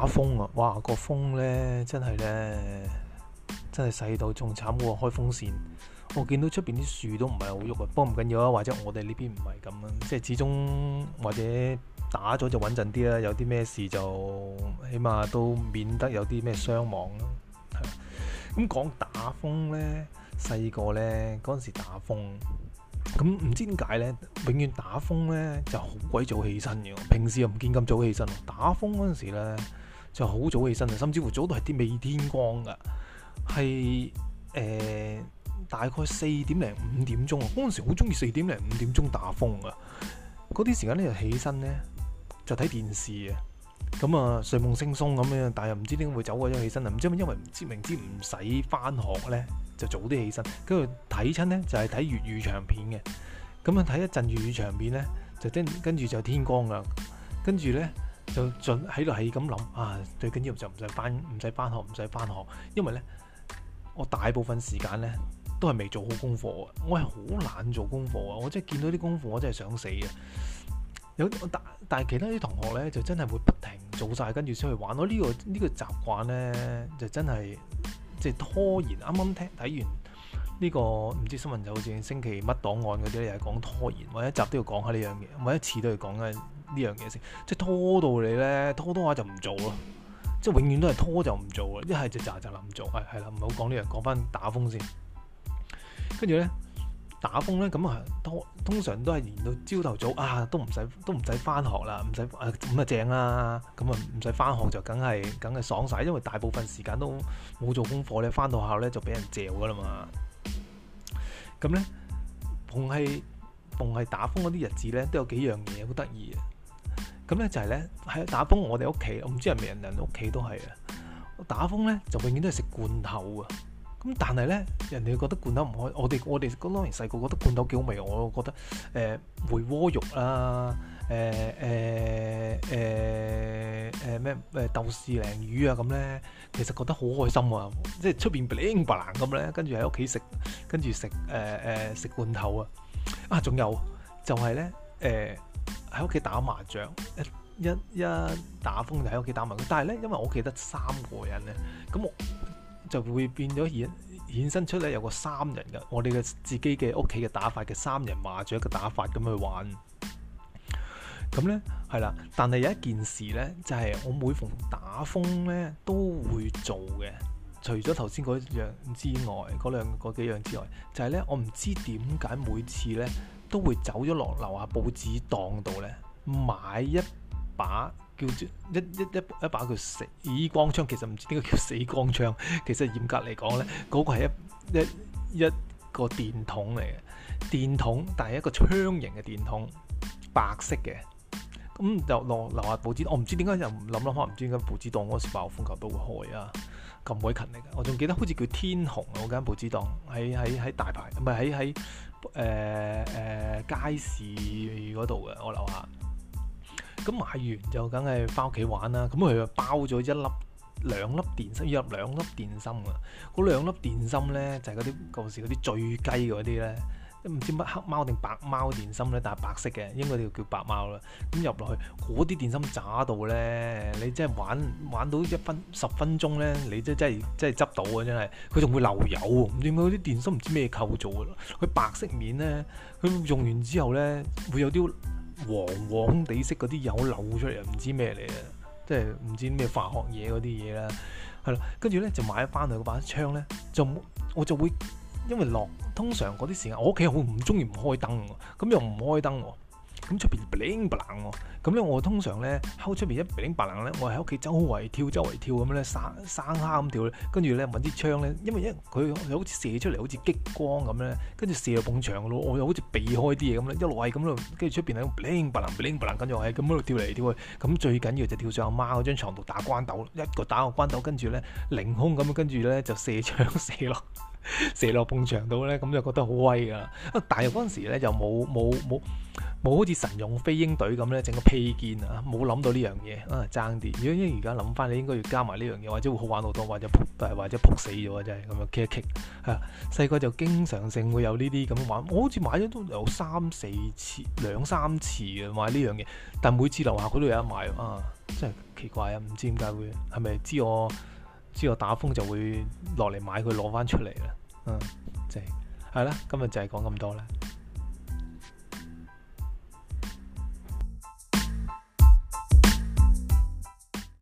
打風啊！哇，個風咧真係咧，真係細到仲慘過開風扇。我見到出邊啲樹都唔係好喐啊。不過唔緊要啊，或者我哋呢邊唔係咁啊，即係始終或者打咗就穩陣啲啦。有啲咩事就起碼都免得有啲咩傷亡咯。係啊，咁講打風咧，細個咧嗰陣時打風，咁唔知點解咧，永遠打風咧就好鬼早起身嘅。平時又唔見咁早起身，打風嗰陣時咧。就好早起身啊，甚至乎早到係啲未天光噶，係誒、呃、大概四點零五點鐘啊。嗰陣時好中意四點零五點鐘打風啊。嗰啲時間咧就起身咧，就睇電視啊。咁啊睡夢惺忪咁樣，但係又唔知點解會走過咗起身啊？唔知咪因為唔知明知唔使翻學咧，就早啲起身，跟住睇親咧就係睇粵語長片嘅。咁啊睇一陣粵語長片咧，就天跟住就天光啦。跟住咧。就喺度係咁諗啊！最緊要就唔使返，唔使返學，唔使返學，因為呢，我大部分時間呢都係未做好功課，我係好懶做功課啊！我真係見到啲功課，我真係想死嘅。有但但係其他啲同學呢，就真係會不停做晒，跟住出去玩咯。呢個呢個習慣呢，就真係即係拖延。啱啱聽睇完呢個唔知新聞就好似星期乜檔案嗰啲，又係講拖延，每一集都要講下呢樣嘢，每一次都要講嘅。呢樣嘢先，即係拖到你咧，拖拖下就唔做咯，即係永遠都係拖就唔做啦，一係就咋咋啦唔做，係係啦，唔好講呢樣，講翻打風先。跟住咧，打風咧咁啊，通通常都係連到朝頭早啊，都唔使都唔使翻學啦，唔使啊咁啊正啦，咁啊唔使翻學就梗係梗係爽晒。因為大部分時間都冇做功課咧，翻到學校咧就俾人嚼噶啦嘛。咁咧，逢係逢係打風嗰啲日子咧，都有幾樣嘢好得意嘅。很有趣。咁咧就係咧，喺打風，我哋屋企，我唔知係咪人哋屋企都係啊！打風咧就永遠都係食罐頭啊！咁但係咧，人哋覺得罐頭唔開，我哋我哋嗰當年細個覺得罐頭幾好味，我覺得誒回鍋肉啊，誒誒誒誒咩誒豆豉鯪魚啊咁咧，其實覺得好開心啊！即係出邊 bling bling 咁咧，跟住喺屋企食，跟住食誒誒食罐頭啊！啊，仲有就係咧誒。喺屋企打麻將，一一一打風就喺屋企打麻將。但係咧，因為我屋企得三個人咧，咁我就會變咗衍衍生出咧有個三人嘅我哋嘅自己嘅屋企嘅打法嘅三人麻將嘅打法咁去玩。咁咧係啦，但係有一件事咧，就係我每逢打風咧都會做嘅。除咗頭先嗰樣之外，嗰兩個幾樣之外，就係咧我唔知點解每次咧。都會走咗落樓下報紙檔度呢，買一把叫做一一一一把叫死光槍，其實唔知點解叫死光槍。其實嚴格嚟講呢嗰個係一一一,一個電筒嚟嘅電筒，但係一個槍型嘅電筒，白色嘅。咁就落樓下報紙檔，我唔知點解又唔諗諗下，唔知點解報紙檔嗰時爆風球都會開啊，咁鬼勤力嘅。我仲記得好似叫天虹啊，嗰間報紙檔喺喺喺大排唔係喺喺誒誒街市嗰度嘅，我樓下。咁買完就梗係翻屋企玩啦。咁佢就包咗一,一粒兩粒電芯，一粒兩粒電芯啊。嗰兩粒電芯咧就係嗰啲舊時嗰啲最雞嗰啲咧。唔知乜黑貓定白貓電芯咧，但係白色嘅，應該叫叫白貓啦。咁入落去嗰啲電芯渣到咧，你真係玩玩到一分十分鐘咧，你真真真係執到啊！真係佢仲會漏油，點解嗰啲電芯唔知咩構造啊？佢白色面咧，佢用完之後咧會有啲黃黃地色嗰啲油漏出嚟，唔知咩嚟啊？即係唔知咩化學嘢嗰啲嘢啦，係啦，跟住咧就買翻嚟把槍咧，就我就會。因為落通常嗰啲時間，我屋企好唔中意唔開燈喎，咁又唔開燈喎，咁出邊冰冷，咁咧我通常咧喺出邊一冰冷，我喺屋企周圍跳，周圍跳咁咧，生生蝦咁跳，跟住咧揾啲槍咧，因為一佢好似射出嚟好似激光咁咧，跟住射落埲牆咯，我又好似避開啲嘢咁咧，一路係咁咯，跟住出邊係冰冷，冰冷跟住我係咁喺度跳嚟跳去，咁最緊要就跳上阿媽嗰張牀度打關斗，一個打一個關斗，跟住咧凌空咁樣，跟住咧就射槍射落。射落碰牆度咧，咁就覺得好威噶。但係嗰陣時咧，就冇冇冇冇好似神勇飛鷹隊咁咧，整個披肩啊，冇諗到呢樣嘢啊，爭啲。如果而家諗翻，你應該要加埋呢樣嘢，或者會好玩好多，或者撲，或者撲死咗真係咁樣。卡一卡，吓細個就經常性會有呢啲咁玩，我好似買咗都有三四次，兩三次啊買呢樣嘢。但每次樓下佢都有得買啊，真係奇怪啊，唔知點解會係咪知我知我打風就會落嚟買佢攞翻出嚟咧？嗯，即係，係啦，今日就係講咁多啦。